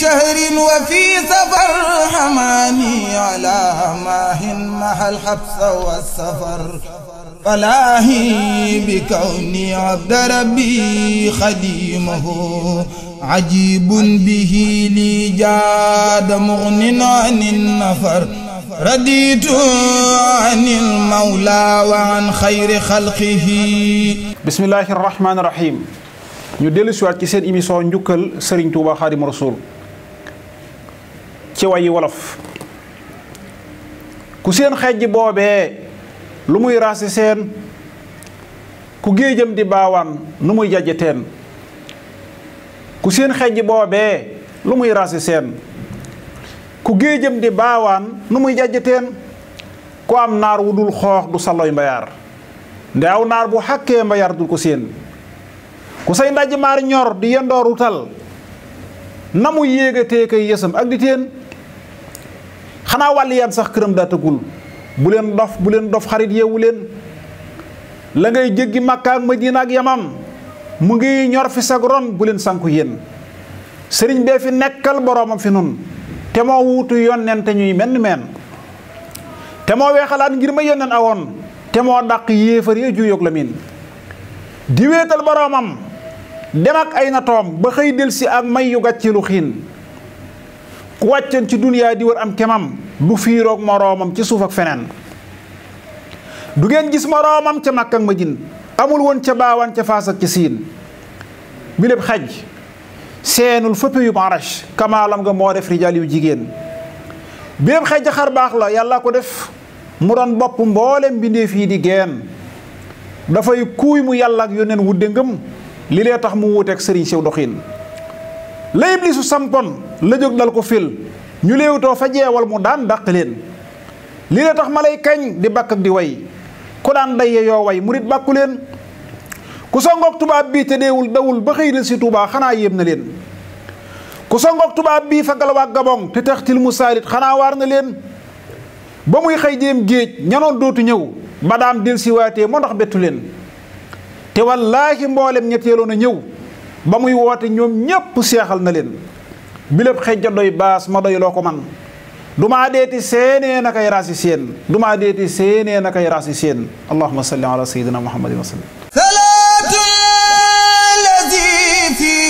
شهر وفي سفر حماني على ماه مع الحبس والسفر فلاهي بكوني عبد ربي خديمه عجيب به لي جاد مغن عن النفر رديت عن المولى وعن خير خلقه بسم الله الرحمن الرحيم ñu dellu siwaat ci seen émission njukkal Serigne Touba Xaadimu Rasuul ci wayi wolof ku seen xejj boobee lu muy raasi seen ku géejam di baawaan nu muy jaje teen ku seen xejj boobee lu muy raasi seen ku géejam di baawaan nu muy jaje teen ku am naar wu dul xoox du saloy mbayaar nde aw naar bu xàkkee mbayaar dul ko seen ku say ndaj maar ñor di yendooru tal na mu yéegatee kay yësam ak di teen xanaa wàll sax këram daa tëggul bu leen dof bu leen dof xarit yeewu leen la ngay jéggi Makka ak Madina yamam mu ngi ñor fi sag ron bu leen sànku yéen sëriñ bee fi nekkal boroomam fi nun te moo wuutu yonent te ñuy menn meen te moo xalaat ngir ma yonent woon te moo dàq yéefar yee juyoog la miin di wéetal boroomam dem ak ay natoom ba xëy del si ak may yu gàcci xiin ku wàccan ci duniyaa di wër am kemam du fiiroog moroomam ci suuf ak feneen du ngeen gis moroomam ca màkk ak madina amul woon ca baawaan ca faas ak ca siin bi lépp xaj seenul fëppe yu marash kamaalam nga moo def rijaal yu jigéen bi lépp xaj jaxar baax la yàlla ko def mu doon bopp mboole mbindeef fii di geen dafay kuuy mu yàlla ak yoneen wudde ngëm li lee tax mu wuuteeg sëriñ sew doxiin la iblisu sampoon la jóg dal ko fil ñu léewtoo fa jeewal mu daan dàq leen li la tax ma lay kañ di bakk di way ku daan daye yoo way murit bàkku leen ku songoog tubaab bii te deewul dawul ba xëy na si Tuubaa xanaa yéem na leen ku songoog tubaab bii fagal waa Gabon te textil mu saalit xanaa waar na leen ba muy xëy jéem géej ñanoon dootu ñëw ba daan del si waatee moo ndax bettu leen te wallaahi mboolem ñetteeloon a ñëw ba muy woote ñoom ñépp seexal na leen bi lépp xëj ja doy baas ma doy loo ko man dumaa deeti seenee na kay raasi seen dumaa deeti seenee na kay raasi seen allahumma salli ala sayyidina muhammadin wa sallam